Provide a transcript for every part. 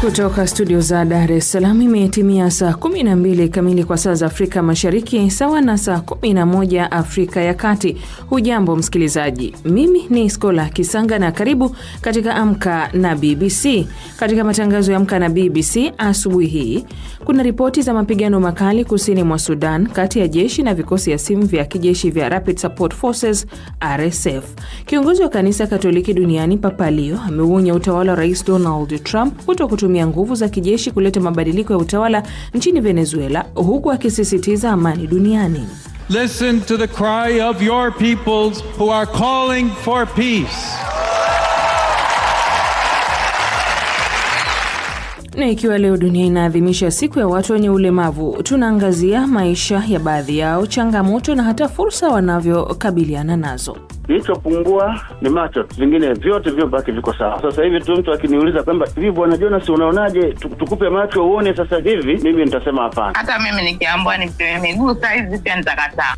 Kutoka studio za Dar es Salaam imetimia saa 12 kamili kwa saa za Afrika Mashariki, sawa na saa 11 Afrika ya Kati. Hujambo msikilizaji, mimi ni Skola Kisanga na karibu katika Amka na BBC. Katika matangazo ya Amka na BBC asubuhi hii, kuna ripoti za mapigano makali kusini mwa Sudan kati ya jeshi na vikosi hasimu vya kijeshi vya Rapid Support Forces RSF. Kiongozi wa kanisa Katoliki duniani Papa Leo ameuonya utawala wa Rais Donald Trump kuto kutumia nguvu za kijeshi kuleta mabadiliko ya utawala nchini Venezuela, huku akisisitiza amani duniani. Listen to the cry of your peoples who are calling for peace. Na ikiwa leo dunia inaadhimisha siku ya watu wenye ulemavu, tunaangazia maisha ya baadhi yao, changamoto na hata fursa wanavyokabiliana nazo. Kilichopungua ni macho, vingine vyote vyobaki viko sawa. Sasa hivi tu mtu akiniuliza kwamba hivi, bwana Jonas, unaonaje tukupe macho uone sasa hivi, mimi nitasema hapana. Hata mimi nikiambwa nipewe miguu saizi pia nitakataa.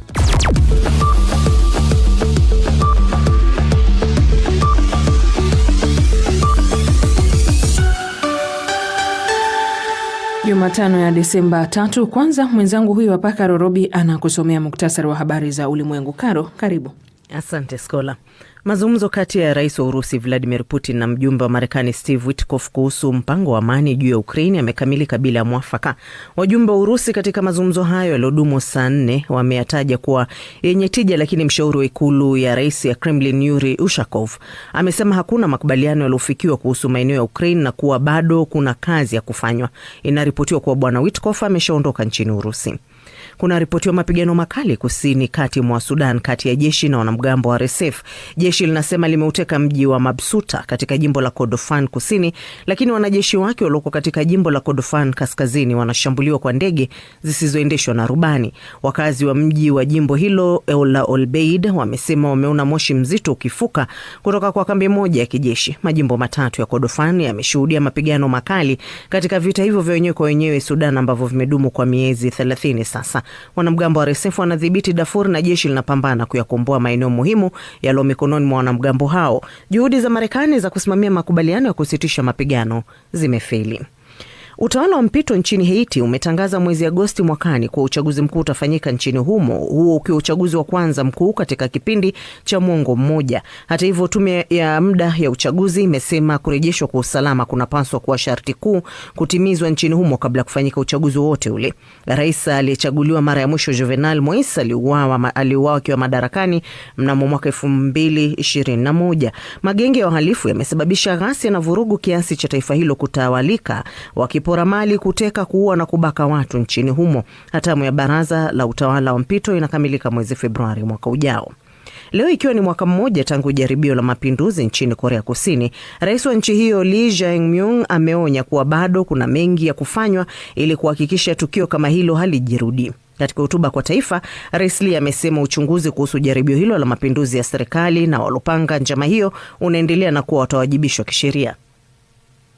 Jumatano ya Desemba tatu. Kwanza mwenzangu huyu hapa Karo Robi anakusomea muktasari wa habari za ulimwengu. Karo, karibu. Asante Skola. Mazungumzo kati ya rais wa Urusi Vladimir Putin na mjumbe wa Marekani Steve Witkoff kuhusu mpango wa amani juu ya Ukraini yamekamilika bila ya mwafaka. Wajumbe wa Urusi katika mazungumzo hayo yaliodumu saa nne wameyataja kuwa yenye tija, lakini mshauri wa ikulu ya rais ya Kremlin Yuri Ushakov amesema hakuna makubaliano yaliofikiwa kuhusu maeneo ya Ukraini na kuwa bado kuna kazi ya kufanywa. Inaripotiwa kuwa Bwana Witkoff ameshaondoka nchini Urusi kuna ripotiwa mapigano makali kusini kati mwa Sudan kati ya jeshi na wanamgambo wa RSF. Jeshi linasema limeuteka mji wa Mabsuta katika jimbo la Kordofan kusini, lakini wanajeshi wake walioko katika jimbo la Kordofan kaskazini wanashambuliwa kwa ndege zisizoendeshwa na rubani. Wakazi wa mji wa jimbo hilo la Olbeid wamesema wameona moshi mzito ukifuka kutoka kwa kambi moja ya kijeshi. Majimbo matatu ya Kordofan yameshuhudia mapigano makali katika vita hivyo vya wenyewe kwa wenyewe Sudan ambavyo vimedumu kwa miezi 30 sasa. Wanamgambo wa RSF wanadhibiti Darfur na jeshi linapambana kuyakomboa maeneo muhimu yaliyo mikononi mwa wanamgambo hao. Juhudi za Marekani za kusimamia makubaliano ya kusitisha mapigano zimefeli. Utawala wa mpito nchini Haiti umetangaza mwezi Agosti mwakani kuwa uchaguzi mkuu utafanyika nchini humo, huo ukiwa uchaguzi wa kwanza mkuu katika kipindi cha mwongo mmoja. Hata hivyo, tume ya muda ya uchaguzi imesema kurejeshwa kwa usalama kunapaswa kuwa sharti kuu kutimizwa nchini humo kabla ya kufanyika uchaguzi wowote ule. Rais aliyechaguliwa mara ya mwisho Juvenal mois aliuawa aliuawa akiwa madarakani mnamo mwaka elfu mbili ishirini na moja. Magenge ya wahalifu yamesababisha ghasia na vurugu kiasi cha taifa hilo kutawalika wakipo wapora mali, kuteka, kuua na kubaka watu nchini humo. Hatamu ya baraza la utawala wa mpito inakamilika mwezi Februari mwaka ujao. Leo ikiwa ni mwaka mmoja tangu jaribio la mapinduzi nchini Korea Kusini, rais wa nchi hiyo li jae ameonya kuwa bado kuna mengi ya kufanywa ili kuhakikisha tukio kama hilo halijirudi. Katika hotuba kwa taifa, Rais li amesema uchunguzi kuhusu jaribio hilo la mapinduzi ya serikali na walopanga njama hiyo unaendelea na kuwa watawajibishwa kisheria.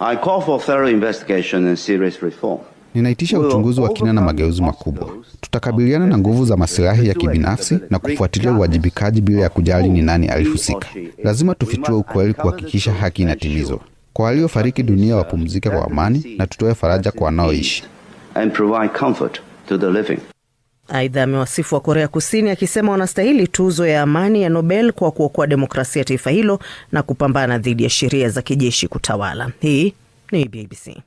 I call for thorough investigation and serious reform. Ninaitisha uchunguzi wa kina na mageuzi makubwa. Tutakabiliana na nguvu za masilahi ya kibinafsi na kufuatilia uwajibikaji bila ya kujali ni nani alihusika. Lazima tufichue ukweli, kuhakikisha haki inatimizwa. Kwa waliofariki dunia wapumzike kwa amani, na tutoe faraja kwa wanaoishi. Aidha, amewasifu wa Korea Kusini akisema wanastahili tuzo ya amani ya Nobel kwa kuokoa demokrasia ya taifa hilo na kupambana dhidi ya sheria za kijeshi kutawala. Hii ni BBC.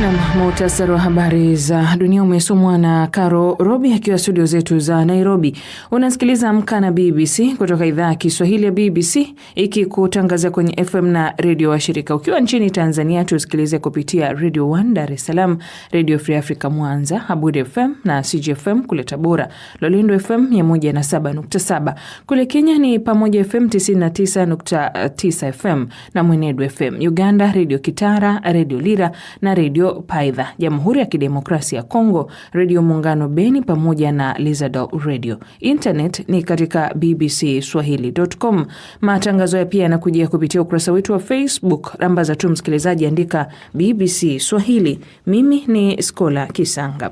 Nam, muhtasari wa habari za dunia umesomwa na Caro Robi akiwa studio zetu za Nairobi. Unasikiliza Amka na BBC kutoka idhaa ya Kiswahili ya BBC ikikutangaza kwenye FM na redio wa shirika. Ukiwa nchini Tanzania, tusikilize kupitia Redio One Dar es Salaam, Redio Free Africa Mwanza, Abud FM na CGFM kule Tabora, Lolindo FM 107.7 kule Kenya ni Pamoja FM 99.9 FM na Mwenedu FM Uganda, Redio Kitara, Redio Lira na Redio Radio Paidha Jamhuri ya Kidemokrasia ya Kongo, Redio Muungano Beni pamoja na Lizado Radio. Internet ni katika BBC Swahili.com. Matangazo ya pia yanakujia kupitia ukurasa wetu wa Facebook. Namba za tu msikilizaji, andika BBC Swahili. Mimi ni Skola Kisanga.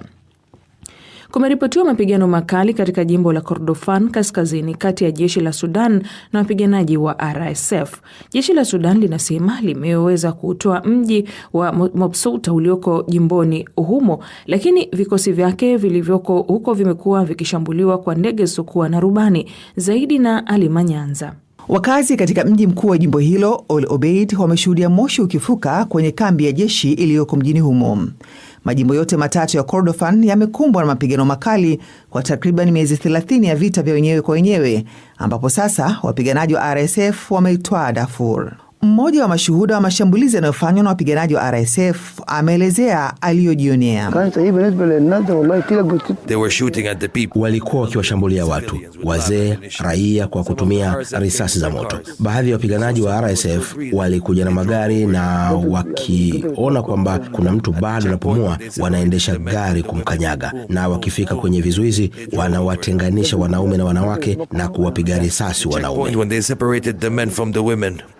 Kumeripotiwa mapigano makali katika jimbo la Kordofan kaskazini kati ya jeshi la Sudan na wapiganaji wa RSF. Jeshi la Sudan linasema limeweza kutoa mji wa Mobsuta ulioko jimboni humo, lakini vikosi vyake vilivyoko huko vimekuwa vikishambuliwa kwa ndege zisizokuwa na rubani. Zaidi na alimanyanza Wakazi katika mji mkuu wa jimbo hilo Ol Obeid wameshuhudia moshi ukifuka kwenye kambi ya jeshi iliyoko mjini humo. Majimbo yote matatu ya Kordofan yamekumbwa na mapigano makali kwa takriban miezi 30 ya vita vya wenyewe kwa wenyewe, ambapo sasa wapiganaji wa RSF wameitwaa Darfur. Mmoja wa mashuhuda wa mashambulizi yanayofanywa na wapiganaji wa RSF ameelezea aliyojionea. Walikuwa wakiwashambulia watu wazee, raia kwa kutumia risasi za moto. Baadhi ya wapiganaji wa RSF walikuja na magari, na wakiona kwamba kuna mtu bado anapumua, wanaendesha gari kumkanyaga, na wakifika kwenye vizuizi wanawatenganisha wanaume na wanawake na kuwapiga risasi wanaume.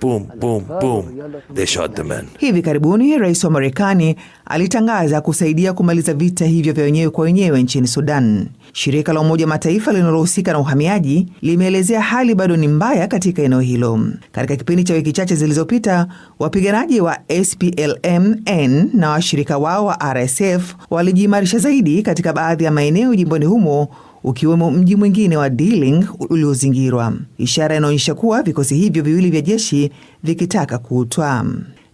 Boom, boom boom, boom. They shot the man. Hivi karibuni rais wa Marekani alitangaza kusaidia kumaliza vita hivyo vya wenyewe kwa wenyewe nchini Sudan. Shirika la Umoja Mataifa linalohusika na uhamiaji limeelezea hali bado ni mbaya katika eneo hilo. Katika kipindi cha wiki chache zilizopita, wapiganaji wa splmn na washirika wao wa RSF walijiimarisha zaidi katika baadhi ya maeneo jimboni humo ukiwemo mji mwingine wa Diling uliozingirwa, ishara inaonyesha kuwa vikosi hivyo viwili vya jeshi vikitaka kuutwa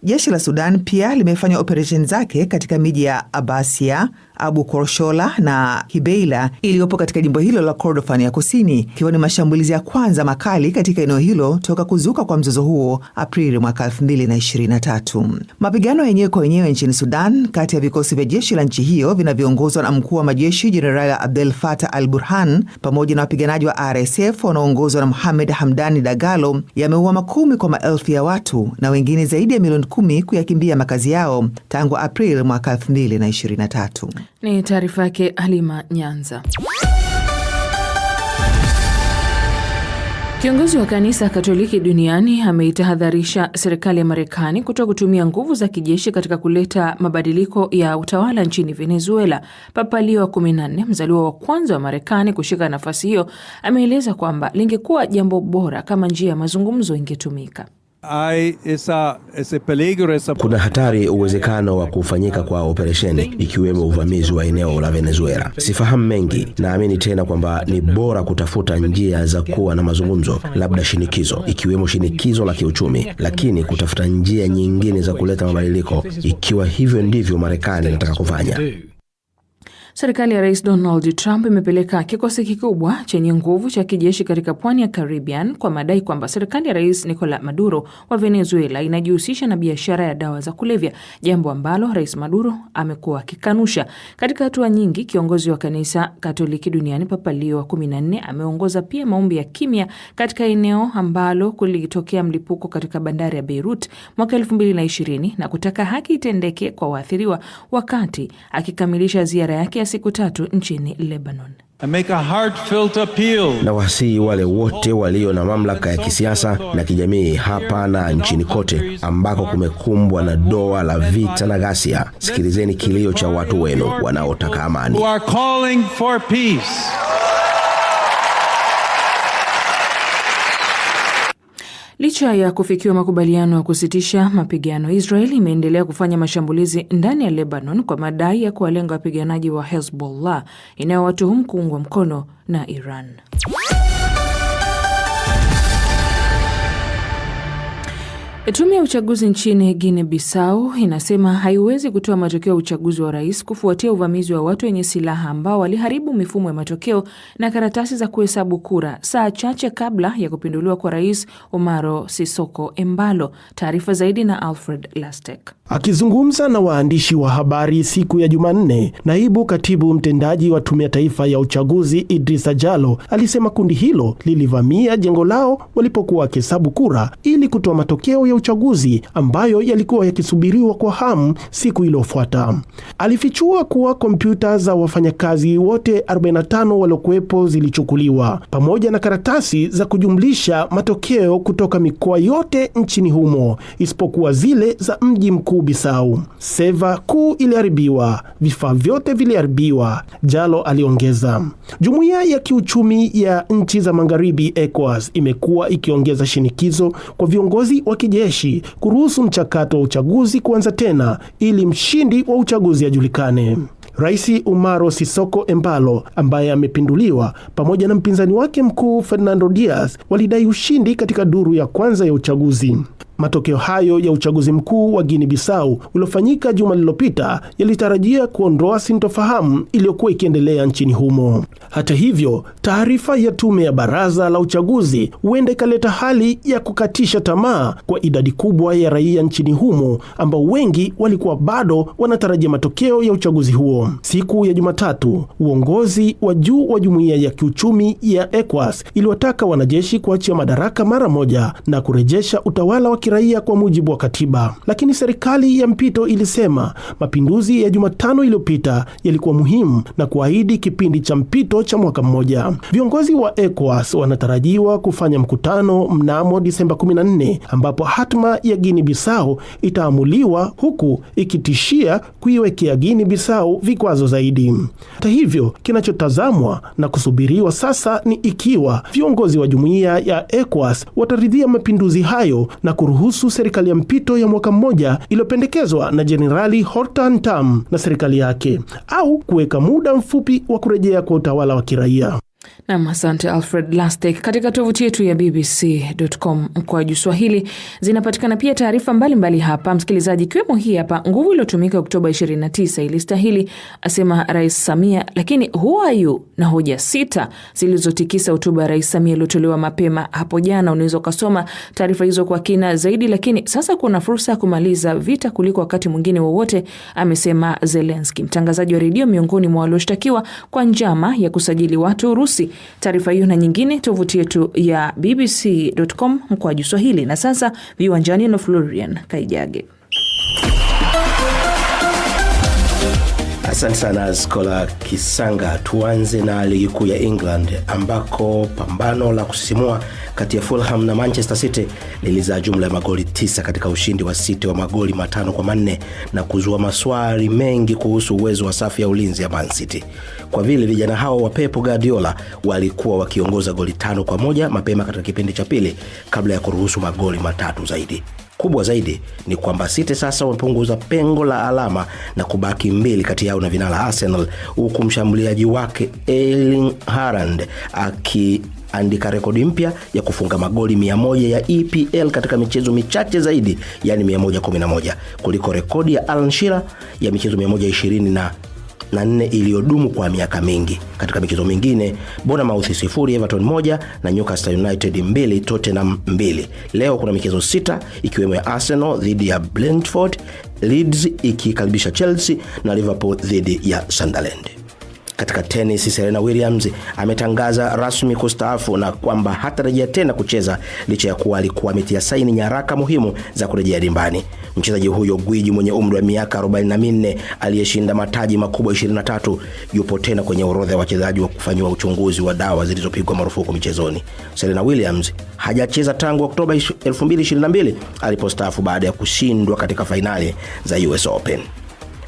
Jeshi la Sudan pia limefanya operesheni zake katika miji ya Abasia, Abu Korshola na Hibeila iliyopo katika jimbo hilo la Kordofan ya kusini, ikiwa ni mashambulizi ya kwanza makali katika eneo hilo toka kuzuka kwa mzozo huo Aprili mwaka 2023. Mapigano yenyewe kwa wenyewe nchini Sudan kati ya vikosi vya jeshi la nchi hiyo vinavyoongozwa na mkuu wa majeshi Jenerali Abdel Fattah al Burhan pamoja na wapiganaji wa RSF wanaoongozwa na Mohamed Hamdani Dagalo yameua makumi kwa maelfu ya watu na wengine zaidi ya milioni kumi kuyakimbia makazi yao tangu Aprili mwaka 2023. Ni taarifa yake Halima Nyanza. Kiongozi wa kanisa Katoliki duniani ameitahadharisha serikali ya Marekani kutoka kutumia nguvu za kijeshi katika kuleta mabadiliko ya utawala nchini Venezuela. Papa Leo wa 14 mzaliwa wa kwanza wa Marekani kushika nafasi hiyo ameeleza kwamba lingekuwa jambo bora kama njia ya mazungumzo ingetumika. Kuna hatari uwezekano wa kufanyika kwa operesheni ikiwemo uvamizi wa eneo la Venezuela. Sifahamu mengi, naamini tena kwamba ni bora kutafuta njia za kuwa na mazungumzo, labda shinikizo, ikiwemo shinikizo la kiuchumi, lakini kutafuta njia nyingine za kuleta mabadiliko, ikiwa hivyo ndivyo Marekani inataka kufanya. Serikali ya Rais Donald Trump imepeleka kikosi kikubwa chenye nguvu cha kijeshi katika pwani ya Caribbean kwa madai kwamba serikali ya Rais Nicolas Maduro wa Venezuela inajihusisha na biashara ya dawa za kulevya, jambo ambalo Rais Maduro amekuwa akikanusha. Katika hatua nyingi, kiongozi wa kanisa Katoliki duniani Papa Leo wa 14 ameongoza pia maombi ya kimya katika eneo ambalo kulitokea mlipuko katika bandari ya Beirut mwaka 2020 na kutaka haki itendeke kwa waathiriwa, wakati akikamilisha ziara yake ya siku tatu nchini Lebanon. Na wasihi wale wote walio na mamlaka ya kisiasa na kijamii hapa na nchini kote ambako kumekumbwa na doa la vita na ghasia, sikilizeni kilio cha watu wenu wanaotaka amani. Licha ya kufikiwa makubaliano ya kusitisha mapigano, Israel imeendelea kufanya mashambulizi ndani ya Lebanon kwa madai ya kuwalenga wapiganaji wa Hezbollah inayowatuhumu kuungwa mkono na Iran. Tume ya uchaguzi nchini Guinea Bissau inasema haiwezi kutoa matokeo ya uchaguzi wa rais kufuatia uvamizi wa watu wenye silaha ambao waliharibu mifumo ya matokeo na karatasi za kuhesabu kura saa chache kabla ya kupinduliwa kwa Rais Omaro Sissoco Embalo. Taarifa zaidi na Alfred Lastek. Akizungumza na waandishi wa habari siku ya Jumanne, naibu katibu mtendaji wa Tume ya Taifa ya Uchaguzi Idrisa Jalo alisema kundi hilo lilivamia jengo lao walipokuwa wakihesabu kura ili kutoa matokeo ya uchaguzi ambayo yalikuwa yakisubiriwa kwa hamu siku iliyofuata. Alifichua kuwa kompyuta za wafanyakazi wote 45 waliokuwepo zilichukuliwa pamoja na karatasi za kujumlisha matokeo kutoka mikoa yote nchini humo isipokuwa zile za mji mkuu Bisau. Seva kuu iliharibiwa, vifaa vyote viliharibiwa, Jalo aliongeza. Jumuiya ya kiuchumi ya nchi za Magharibi ECOWAS imekuwa ikiongeza shinikizo kwa viongozi wa kijeshi kijeshi kuruhusu mchakato wa uchaguzi kuanza tena ili mshindi wa uchaguzi ajulikane. Rais Umaro Sisoko Embalo ambaye amepinduliwa pamoja na mpinzani wake mkuu Fernando Dias walidai ushindi katika duru ya kwanza ya uchaguzi. Matokeo hayo ya uchaguzi mkuu wa Guinea Bissau uliofanyika juma lililopita yalitarajia kuondoa sintofahamu iliyokuwa ikiendelea nchini humo. Hata hivyo, taarifa ya tume ya baraza la uchaguzi huenda ikaleta hali ya kukatisha tamaa kwa idadi kubwa ya raia nchini humo ambao wengi walikuwa bado wanatarajia matokeo ya uchaguzi huo. Siku ya Jumatatu, uongozi wa juu wa jumuiya ya kiuchumi ya ECOWAS iliwataka wanajeshi kuachia madaraka mara moja na kurejesha utawala wa kiraia kwa mujibu wa katiba, lakini serikali ya mpito ilisema mapinduzi ya Jumatano iliyopita yalikuwa muhimu na kuahidi kipindi cha mpito cha mwaka mmoja. Viongozi wa ECOWAS wanatarajiwa kufanya mkutano mnamo Disemba 14 ambapo hatma ya Guinea Bissau itaamuliwa huku ikitishia kuiwekea Guinea Bissau vikwazo zaidi. Hata hivyo, kinachotazamwa na kusubiriwa sasa ni ikiwa viongozi wa jumuiya ya ECOWAS wataridhia mapinduzi hayo na kuruhusu kuhusu serikali ya mpito ya mwaka mmoja iliyopendekezwa na Jenerali Hortan Tam na serikali yake au kuweka muda mfupi wa kurejea kwa utawala wa kiraia. Nam, asante Alfred Lastek. Katika tovuti yetu ya bbc.com mkoaju Swahili zinapatikana pia taarifa mbalimbali hapa msikilizaji, ikiwemo hii hapa, nguvu iliyotumika Oktoba 29 ilistahili, asema Rais Samia, lakini who are you? Na hoja sita zilizotikisa hotuba ya Rais Samia iliyotolewa mapema hapo jana. Unaweza ukasoma taarifa hizo kwa kina zaidi, lakini sasa kuna fursa ya kumaliza vita kuliko wakati mwingine wowote, amesema Zelenski. Mtangazaji wa redio miongoni mwa walioshtakiwa kwa njama ya kusajili watu Urusi Taarifa hiyo na nyingine tovuti yetu ya bbc.com mkoaji Swahili. Na sasa viwanjani na Florian Kaijage. Asante sana Skola Kisanga. Tuanze na ligi kuu ya England ambako pambano la kusisimua kati ya Fulham na Manchester City lilizaa jumla ya magoli tisa katika ushindi wa City wa magoli matano kwa manne na kuzua maswali mengi kuhusu uwezo wa safu ya ulinzi ya Man City, kwa vile vijana hao wa Pep Guardiola walikuwa wakiongoza goli tano kwa moja mapema katika kipindi cha pili kabla ya kuruhusu magoli matatu zaidi. Kubwa zaidi ni kwamba City sasa wamepunguza pengo la alama na kubaki mbili kati yao na vinara Arsenal, huku mshambuliaji wake Erling Haaland aki andika rekodi mpya ya kufunga magoli 100 ya EPL katika michezo michache zaidi, yani 111 kuliko rekodi ya Alan Shearer ya michezo 120 na na nne iliyodumu kwa miaka mingi. Katika michezo mingine, Bournemouth sifuri, Everton moja na Newcastle United mbili, Tottenham mbili. Leo kuna michezo sita ikiwemo ya Arsenal dhidi ya Brentford, Leeds ikikaribisha Chelsea na Liverpool dhidi ya Sunderland. Katika tenis, Serena Williams ametangaza rasmi kustaafu na kwamba hatarejea tena kucheza licha ya kuwa alikuwa ametia saini nyaraka muhimu za kurejea dimbani. Mchezaji huyo gwiji mwenye umri wa miaka 44 aliyeshinda mataji makubwa 23 yupo tena kwenye orodha ya wachezaji wa kufanyiwa uchunguzi wa dawa zilizopigwa marufuku michezoni. Serena Williams hajacheza tangu Oktoba 2022 alipostaafu baada ya kushindwa katika fainali za US Open.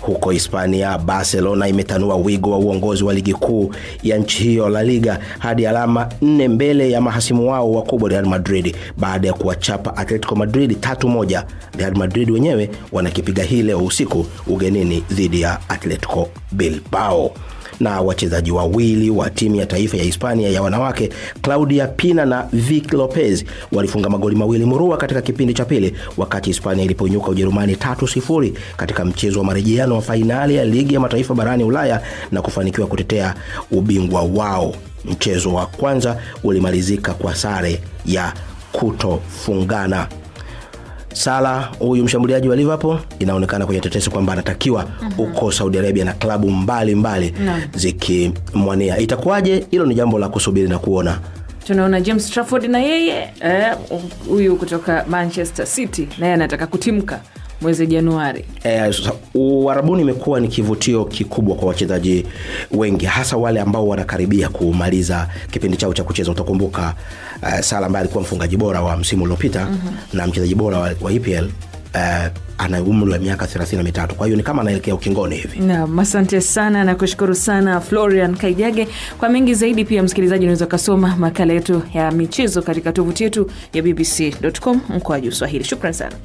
Huko Hispania, Barcelona imetanua wigo wa uongozi wa ligi kuu ya nchi hiyo La Liga hadi alama nne mbele ya mahasimu wao wakubwa Real Madrid baada ya kuwachapa Atletico Madrid tatu moja. Real Madrid wenyewe wanakipiga hii leo usiku ugenini dhidi ya Atletico Bilbao na wachezaji wawili wa timu ya taifa ya Hispania ya wanawake Claudia Pina na Vic Lopez walifunga magoli mawili murua katika kipindi cha pili, wakati Hispania ilipoinyuka Ujerumani 3 sifuri katika mchezo wa marejeano wa fainali ya ligi ya mataifa barani Ulaya na kufanikiwa kutetea ubingwa wao. Mchezo wa kwanza ulimalizika kwa sare ya kutofungana sala huyu mshambuliaji wa Liverpool inaonekana kwenye tetesi kwamba anatakiwa huko mhm. Saudi Arabia na klabu mbalimbali zikimwania. Itakuwaje? Hilo ni jambo la kusubiri na kuona. Tunaona James Trafford na yeye eh, huyu eh, kutoka Manchester City naye anataka kutimka mwezi Januari. E, Uarabuni imekuwa ni kivutio kikubwa kwa wachezaji wengi, hasa wale ambao wanakaribia kumaliza kipindi chao cha kucheza. Utakumbuka uh, eh, Sala ambaye alikuwa mfungaji bora wa msimu uliopita mm -hmm. na mchezaji bora wa, wa EPL Uh, eh, ana umri wa miaka 33 kwa hiyo ni kama anaelekea ukingoni hivi. nam asante sana na kushukuru sana Florian Kaijage. Kwa mengi zaidi, pia msikilizaji, unaweza ukasoma makala yetu ya michezo katika tovuti yetu ya bbc.com mkoa wa Swahili. Shukran sana.